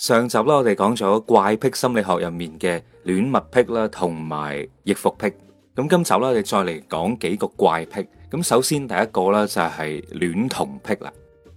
上集啦，我哋講咗怪癖心理學入面嘅戀物癖啦，同埋易服癖。咁今集啦，我哋再嚟講幾個怪癖。咁首先第一個咧就係戀童癖啦。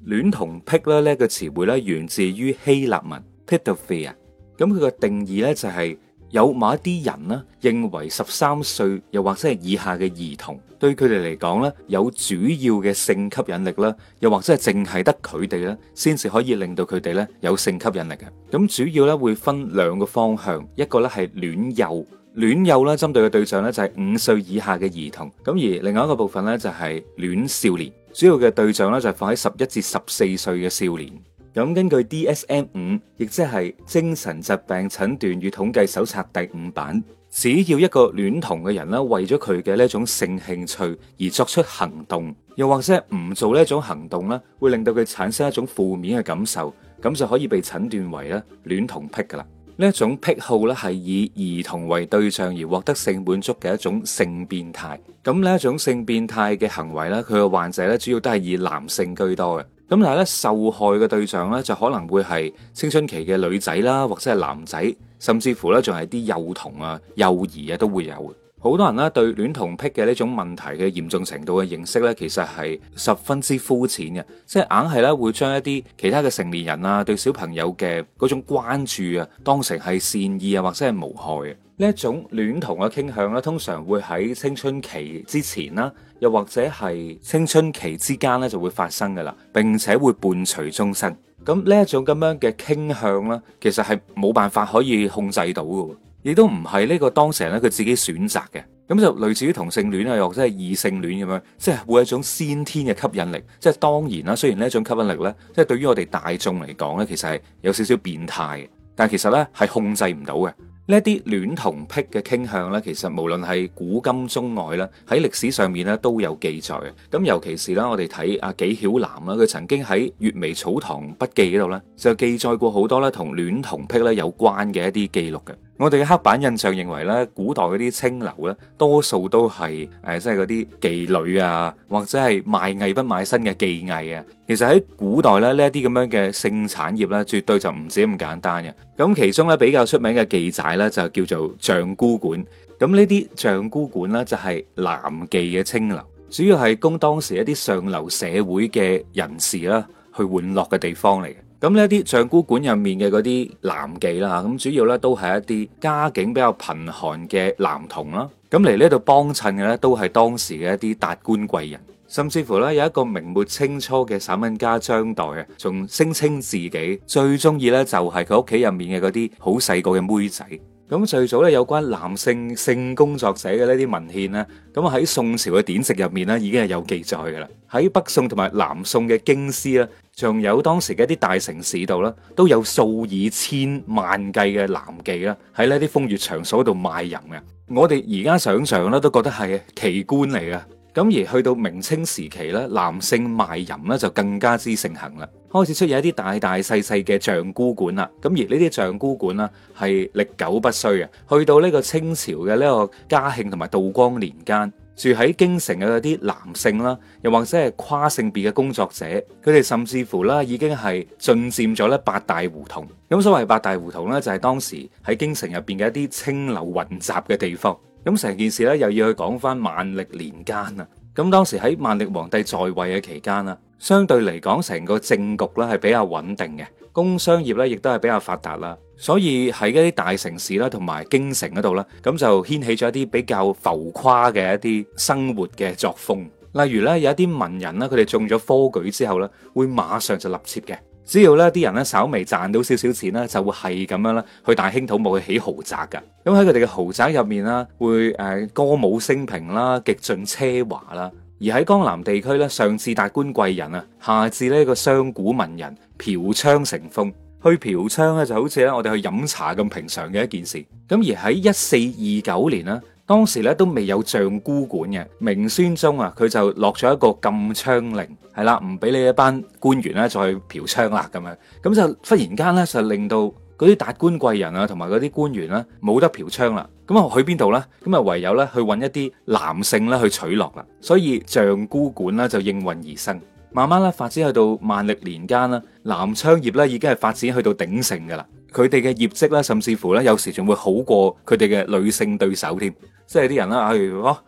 戀童癖咧呢個詞彙咧源自於希臘文 Pitophy 啊。咁佢個定義咧就係有某一啲人呢認為十三歲又或者係以下嘅兒童。對佢哋嚟講咧，有主要嘅性吸引力啦，又或者係淨係得佢哋咧，先至可以令到佢哋咧有性吸引力嘅。咁主要咧會分兩個方向，一個咧係戀幼，戀幼咧針對嘅對象咧就係五歲以下嘅兒童。咁而另外一個部分咧就係戀少年，主要嘅對象咧就係放喺十一至十四歲嘅少年。咁根據 DSM 五，亦即係精神疾病診斷與統計手冊第五版。只要一個戀童嘅人啦，為咗佢嘅呢一種性興趣而作出行動，又或者係唔做呢一種行動咧，會令到佢產生一種負面嘅感受，咁就可以被診斷為咧戀童癖噶啦。呢一種癖好咧係以兒童為對象而獲得性滿足嘅一種性變態。咁呢一種性變態嘅行為咧，佢嘅患者咧主要都係以男性居多嘅。咁但係咧受害嘅對象咧就可能會係青春期嘅女仔啦，或者係男仔。甚至乎呢，仲係啲幼童啊、幼兒啊都會有。好多人呢對戀童癖嘅呢種問題嘅嚴重程度嘅認識呢，其實係十分之膚淺嘅，即係硬係呢，會將一啲其他嘅成年人啊對小朋友嘅嗰種關注啊，當成係善意啊或者係無害嘅。呢一種戀童嘅傾向咧，通常會喺青春期之前啦，又或者係青春期之間咧就會發生噶啦，並且會伴隨終生。咁呢一種咁樣嘅傾向咧，其實係冇辦法可以控制到嘅，亦都唔係呢個當事人咧佢自己選擇嘅。咁就類似於同性戀啊，又或者係異性戀咁樣，即係會有一種先天嘅吸引力。即係當然啦，雖然呢一種吸引力咧，即係對於我哋大眾嚟講咧，其實係有少少變態嘅，但係其實咧係控制唔到嘅。呢啲戀童癖嘅傾向呢，其實無論係古今中外啦，喺歷史上面咧都有記載嘅。咁尤其是啦，我哋睇阿紀曉嵐啦，佢曾經喺《閱微草堂筆記》嗰度呢，就記載過好多咧同戀童癖咧有關嘅一啲記錄嘅。我哋嘅刻板印象認為咧，古代嗰啲青樓咧，多數都係誒，即係嗰啲妓女啊，或者係賣藝不賣身嘅技藝啊。其實喺古代咧，呢一啲咁樣嘅性產業咧，絕對就唔止咁簡單嘅。咁其中咧比較出名嘅妓仔咧，就叫做象姑館。咁呢啲象姑館咧，就係男妓嘅青樓，主要係供當時一啲上流社會嘅人士啦，去玩樂嘅地方嚟嘅。咁呢一啲象姑館入面嘅嗰啲男妓啦，咁主要咧都係一啲家境比較貧寒嘅男童啦。咁嚟呢度幫襯嘅咧，都係當時嘅一啲達官貴人，甚至乎咧有一個明末清初嘅散文家張岱啊，仲聲稱自己最中意咧就係佢屋企入面嘅嗰啲好細個嘅妹仔。咁最早咧有關男性性工作者嘅呢啲文獻咧，咁喺宋朝嘅典籍入面咧已經係有記載嘅啦。喺北宋同埋南宋嘅京師啦。仲有當時嘅一啲大城市度啦，都有數以千萬計嘅男妓啦，喺呢啲風月場所度賣淫嘅。我哋而家想象咧，都覺得係奇觀嚟嘅。咁而去到明清時期咧，男性賣淫咧就更加之盛行啦，開始出現一啲大大細細嘅象姑館啦。咁而呢啲象姑館啦，係歷久不衰嘅。去到呢個清朝嘅呢個嘉慶同埋道光年間。住喺京城嘅嗰啲男性啦，又或者係跨性別嘅工作者，佢哋甚至乎啦已經係進佔咗咧八大胡同。咁所謂八大胡同呢，就係當時喺京城入邊嘅一啲青樓混雜嘅地方。咁成件事咧，又要去講返萬曆年間啦。咁當時喺萬曆皇帝在位嘅期間啦，相對嚟講成個政局咧係比較穩定嘅，工商業咧亦都係比較發達啦。所以喺一啲大城市啦，同埋京城嗰度啦，咁就掀起咗一啲比較浮誇嘅一啲生活嘅作風。例如咧，有一啲文人啦，佢哋中咗科舉之後咧，會馬上就立妾嘅。只要咧啲人咧稍微賺到少少錢啦，就會係咁樣啦，去大興土木去起豪宅噶。咁喺佢哋嘅豪宅入面啦，會誒歌舞升平啦，極盡奢華啦。而喺江南地區咧，上至大官貴人啊，下至呢個商賈文人，嫖娼成風。去嫖娼咧就好似咧我哋去飲茶咁平常嘅一件事，咁而喺一四二九年呢，當時咧都未有象姑館嘅明宣宗啊，佢就落咗一個禁娼令，係啦，唔俾你一班官員咧再去嫖娼啦咁樣，咁就忽然間咧就令到嗰啲達官貴人啊同埋嗰啲官員啦冇得嫖娼啦，咁啊去邊度咧？咁啊唯有咧去搵一啲男性咧去取樂啦，所以象姑館啦就應運而生。慢慢咧發展去到萬歷年間啦，男娼業咧已經係發展去到鼎盛噶啦。佢哋嘅業績咧，甚至乎咧，有時仲會好過佢哋嘅女性對手添。即係啲人啦，啊、哎，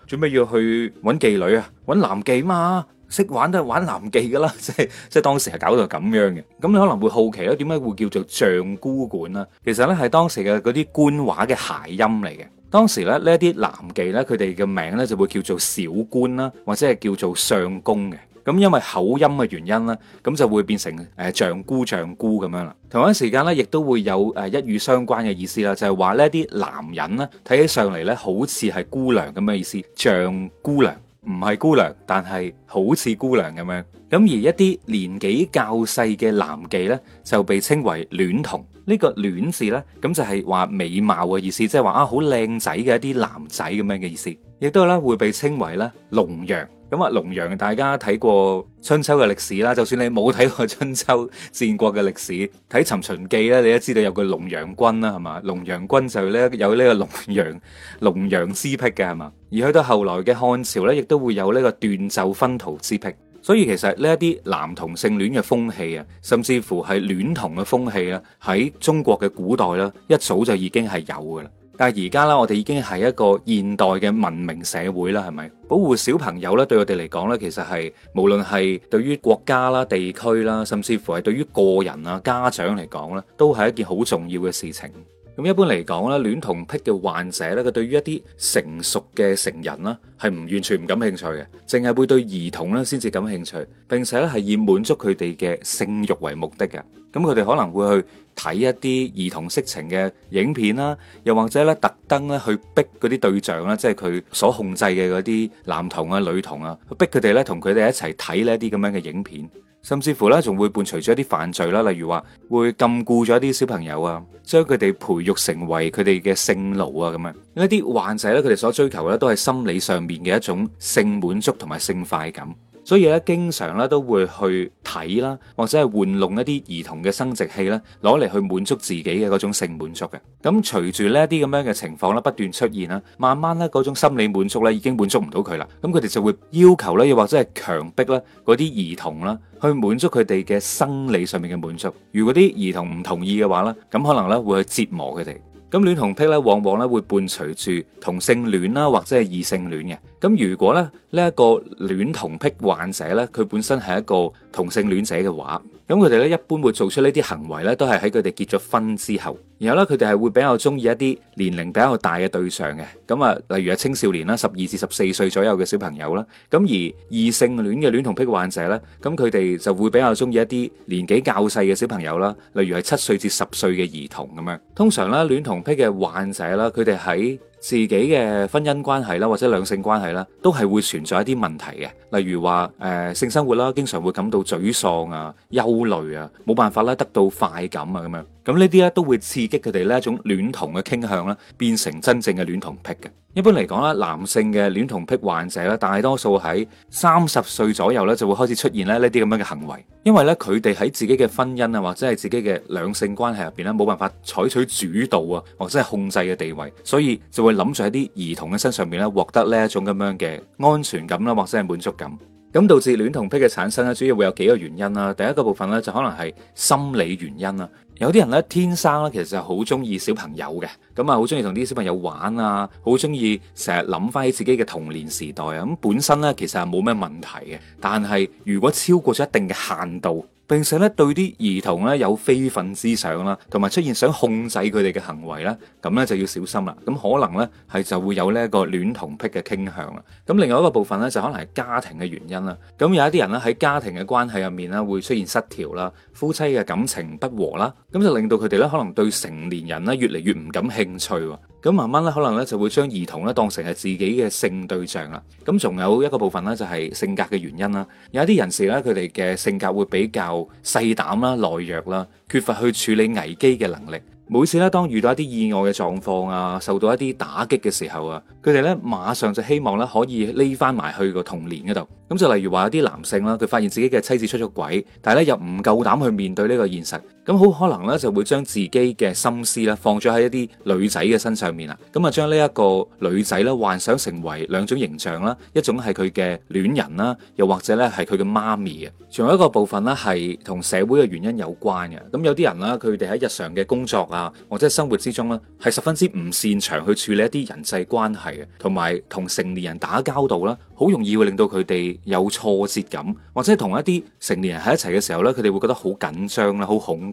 準備要去揾妓女啊？揾男妓嘛，識玩都係玩男妓噶啦。 即係即係當時係搞到咁樣嘅。咁你可能會好奇咧，點解會叫做象姑館啦？其實咧係當時嘅嗰啲官話嘅諧音嚟嘅。當時咧呢一啲男妓咧，佢哋嘅名咧就會叫做小官啦，或者係叫做相公嘅。咁因為口音嘅原因啦，咁就會變成誒象姑象姑咁樣啦。同一時間咧，亦都會有誒一語相關嘅意思啦，就係話呢啲男人呢，睇起上嚟呢，好似係姑娘咁嘅意思，像姑娘，唔係姑娘，但係好似姑娘咁樣。咁而一啲年紀較細嘅男妓呢，就被稱為戀童。呢、這個戀字呢，咁就係、是、話美貌嘅意思，即係話啊好靚仔嘅一啲男仔咁樣嘅意思，亦都咧會被稱為咧龍陽。咁啊，龍陽，大家睇過春秋嘅歷史啦，就算你冇睇過春秋戰國嘅歷史，睇《尋秦記》咧，你都知道有個龍陽君啦，係嘛？龍陽君就咧有呢個龍陽龍陽之癖嘅，係嘛？而去到後來嘅漢朝咧，亦都會有呢個斷袖分桃之癖。所以其實呢一啲男同性戀嘅風氣啊，甚至乎係戀童嘅風氣啊，喺中國嘅古代咧，一早就已經係有噶啦。但係而家啦，我哋已經係一個現代嘅文明社會啦，係咪？保護小朋友咧，對我哋嚟講咧，其實係無論係對於國家啦、地區啦，甚至乎係對於個人啊、家長嚟講咧，都係一件好重要嘅事情。咁一般嚟講咧，戀童癖嘅患者咧，佢對於一啲成熟嘅成人啦，係唔完全唔感興趣嘅，淨係會對兒童咧先至感興趣，並且咧係以滿足佢哋嘅性慾為目的嘅。咁佢哋可能會去睇一啲兒童色情嘅影片啦，又或者咧特登咧去逼嗰啲對象啦，即係佢所控制嘅嗰啲男童啊、女童啊，去逼佢哋咧同佢哋一齊睇呢一啲咁樣嘅影片。甚至乎呢，仲會伴隨住一啲犯罪啦，例如話會禁錮咗一啲小朋友啊，將佢哋培育成為佢哋嘅性奴啊，咁樣呢啲患者呢，佢哋所追求嘅都係心理上面嘅一種性滿足同埋性快感。所以咧，經常咧都會去睇啦，或者係玩弄一啲兒童嘅生殖器啦，攞嚟去滿足自己嘅嗰種性滿足嘅。咁隨住呢啲咁樣嘅情況咧不斷出現啦，慢慢咧嗰種心理滿足咧已經滿足唔到佢啦。咁佢哋就會要求咧，又或者係強迫咧嗰啲兒童啦，去滿足佢哋嘅生理上面嘅滿足。如果啲兒童唔同意嘅話咧，咁可能咧會去折磨佢哋。咁戀童癖咧，往往咧會伴隨住同性戀啦，或者係異性戀嘅。咁如果咧呢一個戀童癖患者咧，佢本身係一個同性戀者嘅話，咁佢哋咧一般會做出呢啲行為咧，都係喺佢哋結咗婚之後。然後咧，佢哋係會比較中意一啲年齡比較大嘅對象嘅，咁啊，例如係青少年啦，十二至十四歲左右嘅小朋友啦。咁而異性戀嘅戀童癖患者咧，咁佢哋就會比較中意一啲年紀較細嘅小朋友啦，例如係七歲至十歲嘅兒童咁樣。通常咧，戀童癖嘅患者啦，佢哋喺自己嘅婚姻關係啦，或者兩性關係啦，都係會存在一啲問題嘅，例如話誒性生活啦，經常會感到沮喪啊、憂慮啊，冇辦法啦，得到快感啊咁樣。咁呢啲咧都會刺激佢哋呢一種戀童嘅傾向啦，變成真正嘅戀童癖嘅。一般嚟講咧，男性嘅戀童癖患者咧，大多數喺三十歲左右咧就會開始出現咧呢啲咁樣嘅行為，因為咧佢哋喺自己嘅婚姻啊或者係自己嘅兩性關係入邊咧冇辦法採取主導啊或者係控制嘅地位，所以就會諗住喺啲兒童嘅身上面咧獲得呢一種咁樣嘅安全感啦或者係滿足感。咁導致戀童癖嘅產生咧，主要會有幾個原因啦。第一個部分咧就可能係心理原因啦。有啲人咧天生咧，其實就好中意小朋友嘅，咁啊好中意同啲小朋友玩啊，好中意成日諗翻起自己嘅童年時代啊。咁本身咧其實係冇咩問題嘅，但係如果超過咗一定嘅限度，並且咧對啲兒童咧有非分之想啦，同埋出現想控制佢哋嘅行為咧，咁咧就要小心啦。咁可能咧係就會有呢一個戀童癖嘅傾向啦。咁另外一個部分咧就可能係家庭嘅原因啦。咁有一啲人咧喺家庭嘅關係入面咧會出現失調啦、夫妻嘅感情不和啦，咁就令到佢哋咧可能對成年人咧越嚟越唔感興趣。咁慢慢咧，可能咧就會將兒童咧當成係自己嘅性對象啦。咁仲有一個部分咧，就係性格嘅原因啦。有一啲人士咧，佢哋嘅性格會比較細膽啦、懦弱啦，缺乏去處理危機嘅能力。每次咧，當遇到一啲意外嘅狀況啊，受到一啲打擊嘅時候啊，佢哋咧馬上就希望咧可以匿翻埋去個童年嗰度。咁就例如話一啲男性啦，佢發現自己嘅妻子出咗軌，但係咧又唔夠膽去面對呢個現實。咁好可能咧，就會將自己嘅心思咧放咗喺一啲女仔嘅身上面啦。咁啊，將呢一個女仔咧幻想成為兩種形象啦，一種係佢嘅戀人啦，又或者咧係佢嘅媽咪嘅。仲有一個部分呢，係同社會嘅原因有關嘅。咁有啲人啦，佢哋喺日常嘅工作啊，或者生活之中呢，係十分之唔擅長去處理一啲人際關係嘅，同埋同成年人打交道啦，好容易會令到佢哋有挫折感，或者同一啲成年人喺一齊嘅時候呢，佢哋會覺得好緊張啦，好恐。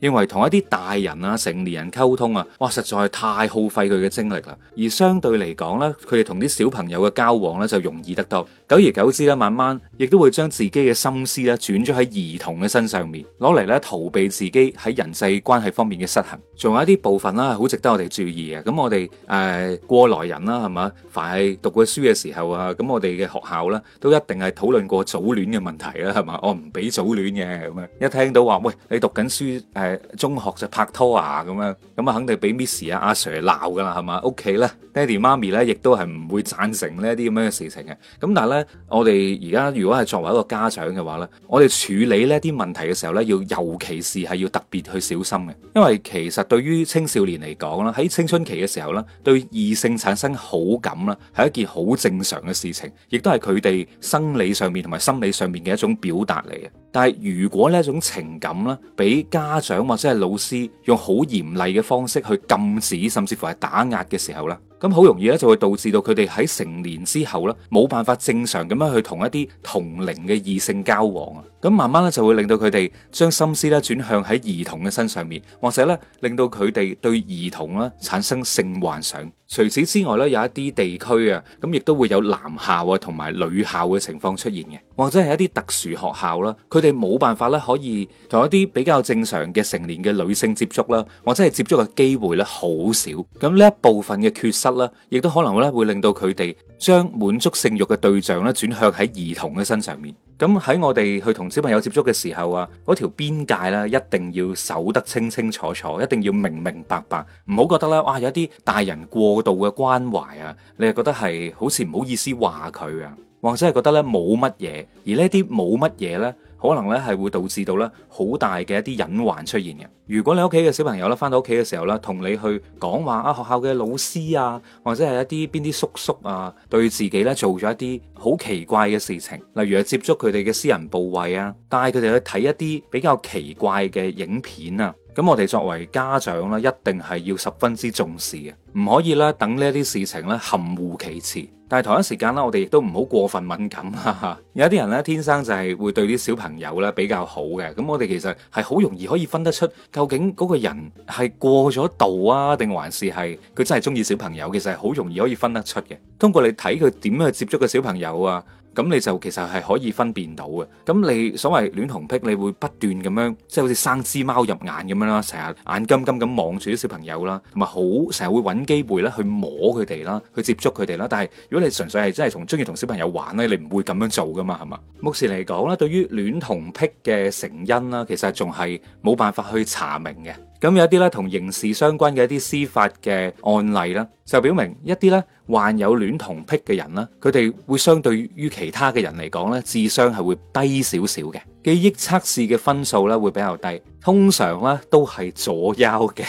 認為同一啲大人啊、成年人溝通啊，哇，實在太耗費佢嘅精力啦。而相對嚟講咧，佢哋同啲小朋友嘅交往咧就容易得多。久而久之咧，慢慢亦都會將自己嘅心思咧轉咗喺兒童嘅身上面，攞嚟咧逃避自己喺人際關係方面嘅失衡。仲有一啲部分啦，好值得我哋注意嘅。咁我哋誒、呃、過來人啦、啊，係嘛？凡係讀過書嘅時候啊，咁我哋嘅學校咧都一定係討論過早戀嘅問題啦、啊，係嘛？我唔俾早戀嘅咁樣。一聽到話喂，你讀緊書誒？呃中學就拍拖啊，咁樣咁啊，肯定俾 Miss 啊阿 Sir 鬧噶啦，係嘛？屋企咧，呢爹哋媽咪咧，亦都係唔會贊成呢一啲咁樣嘅事情嘅。咁但係咧，我哋而家如果係作為一個家長嘅話咧，我哋處理呢一啲問題嘅時候咧，要尤其是係要特別去小心嘅，因為其實對於青少年嚟講啦，喺青春期嘅時候咧，對異性產生好感啦，係一件好正常嘅事情，亦都係佢哋生理上面同埋心理上面嘅一種表達嚟嘅。但係如果呢一種情感咧，俾家長或者係老師用好嚴厲嘅方式去禁止，甚至乎係打壓嘅時候咧，咁好容易咧，就會導致到佢哋喺成年之後咧，冇辦法正常咁樣去同一啲同齡嘅異性交往啊！咁慢慢咧就會令到佢哋將心思咧轉向喺兒童嘅身上面，或者咧令到佢哋對兒童咧產生性幻想。除此之外咧，有一啲地區啊，咁亦都會有男校啊同埋女校嘅情況出現嘅，或者係一啲特殊學校啦，佢哋冇辦法咧可以同一啲比較正常嘅成年嘅女性接觸啦，或者係接觸嘅機會咧好少。咁呢一部分嘅缺失啦，亦都可能咧，會令到佢哋將滿足性欲嘅對象咧，轉向喺兒童嘅身上面。咁喺我哋去同小朋友接觸嘅時候啊，嗰條邊界咧，一定要守得清清楚楚，一定要明明白白，唔好覺得咧，哇，有啲大人過度嘅關懷啊，你係覺得係好似唔好意思話佢啊，或者係覺得咧冇乜嘢，而呢啲冇乜嘢咧。可能咧係會導致到咧好大嘅一啲隱患出現嘅。如果你屋企嘅小朋友咧翻到屋企嘅時候咧，同你去講，話啊，學校嘅老師啊，或者係一啲邊啲叔叔啊，對自己咧做咗一啲好奇怪嘅事情，例如係接觸佢哋嘅私人部位啊，帶佢哋去睇一啲比較奇怪嘅影片啊，咁我哋作為家長咧，一定係要十分之重視嘅，唔可以咧等呢一啲事情咧含糊其辭。但係同一時間啦，我哋亦都唔好過分敏感啦。 有啲人咧天生就係會對啲小朋友咧比較好嘅。咁我哋其實係好容易可以分得出，究竟嗰個人係過咗度啊，定還是係佢真係中意小朋友？其實係好容易可以分得出嘅。通過你睇佢點樣去接觸個小朋友啊。咁你就其實係可以分辨到嘅。咁你所謂戀童癖，你會不斷咁樣，即係好似生隻貓入眼咁樣啦，成日眼金金咁望住啲小朋友啦，同埋好成日會揾機會啦，去摸佢哋啦，去接觸佢哋啦。但係如果你純粹係真係同中意同小朋友玩呢，你唔會咁樣做噶嘛，係嘛？目前嚟講咧，對於戀童癖嘅成因啦，其實仲係冇辦法去查明嘅。咁有啲咧同刑事相關嘅一啲司法嘅案例啦，就表明一啲咧患有戀童癖嘅人啦，佢哋會相對於其他嘅人嚟講咧，智商係會低少少嘅，記憶測試嘅分數咧會比較低，通常咧都係左右嘅，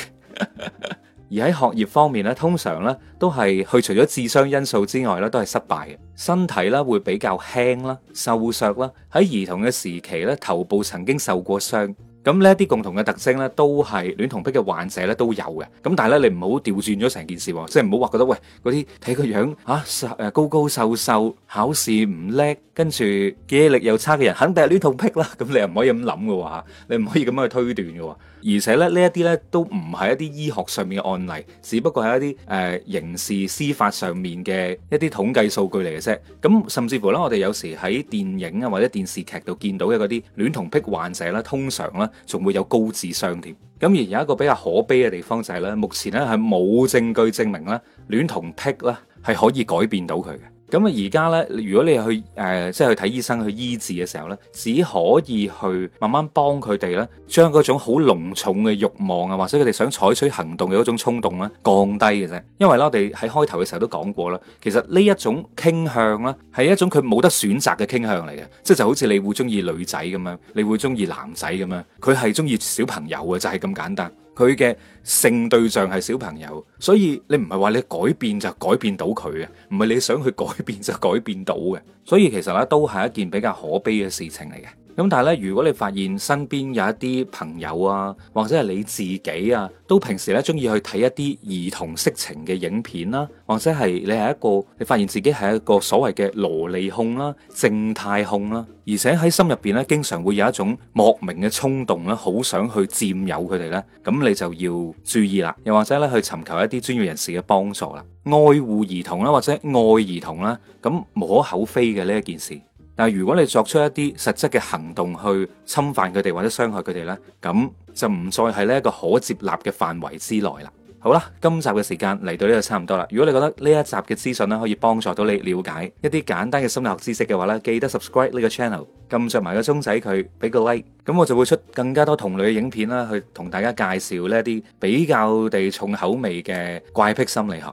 而喺學業方面咧，通常咧都係去除咗智商因素之外咧，都係失敗嘅，身體咧會比較輕啦、瘦削啦，喺兒童嘅時期咧頭部曾經受過傷。咁呢一啲共同嘅特徵咧，都係戀童癖嘅患者咧都有嘅。咁但係咧，你唔好調轉咗成件事，即係唔好話覺得喂嗰啲睇個樣嚇，誒高高瘦瘦，考試唔叻，跟住記憶力又差嘅人，肯定係戀童癖啦。咁你又唔可以咁諗嘅喎，你唔可以咁樣去推斷嘅喎。而且咧，呢一啲咧都唔係一啲醫學上面嘅案例，只不過係一啲誒刑事司法上面嘅一啲統計數據嚟嘅啫。咁甚至乎咧，我哋有時喺電影啊或者電視劇度見到嘅嗰啲戀童癖患者咧，通常咧。仲會有高智商添，咁而有一個比較可悲嘅地方就係咧，目前咧係冇證據證明咧，戀童癖咧係可以改變到佢嘅。咁啊，而家呢，如果你去誒、呃，即係去睇醫生去醫治嘅時候呢，只可以去慢慢幫佢哋呢，將嗰種好濃重嘅慾望啊，或者佢哋想採取行動嘅嗰種衝動呢，降低嘅啫。因為呢，我哋喺開頭嘅時候都講過啦，其實呢一種傾向呢，係一種佢冇得選擇嘅傾向嚟嘅，即係就好似你會中意女仔咁樣，你會中意男仔咁樣，佢係中意小朋友啊，就係、是、咁簡單。佢嘅性對象係小朋友，所以你唔係話你改變就改變到佢嘅，唔係你想去改變就改變到嘅，所以其實咧都係一件比較可悲嘅事情嚟嘅。咁但係咧，如果你發現身邊有一啲朋友啊，或者係你自己啊，都平時咧中意去睇一啲兒童色情嘅影片啦，啊，或者係你係一個，你發現自己係一個所謂嘅蘿莉控啦，啊、靜態控啦，啊，而且喺心入邊咧，經常會有一種莫名嘅衝動啦，好想去佔有佢哋咧，咁你就要注意啦，又或者咧去尋求一啲專業人士嘅幫助啦，愛護兒童啦，或者愛兒童啦，咁無可厚非嘅呢一件事。但如果你作出一啲實質嘅行動去侵犯佢哋或者傷害佢哋呢，咁就唔再係呢一個可接納嘅範圍之內啦。好啦，今集嘅時間嚟到呢度差唔多啦。如果你覺得呢一集嘅資訊呢，可以幫助到你了解一啲簡單嘅心理學知識嘅話呢，記得 subscribe 呢個 channel，撳着埋個鐘仔佢，俾個 like，咁我就會出更加多同類嘅影片啦，去同大家介紹呢啲比較地重口味嘅怪癖心理學。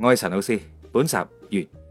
我係陳老師，本集完。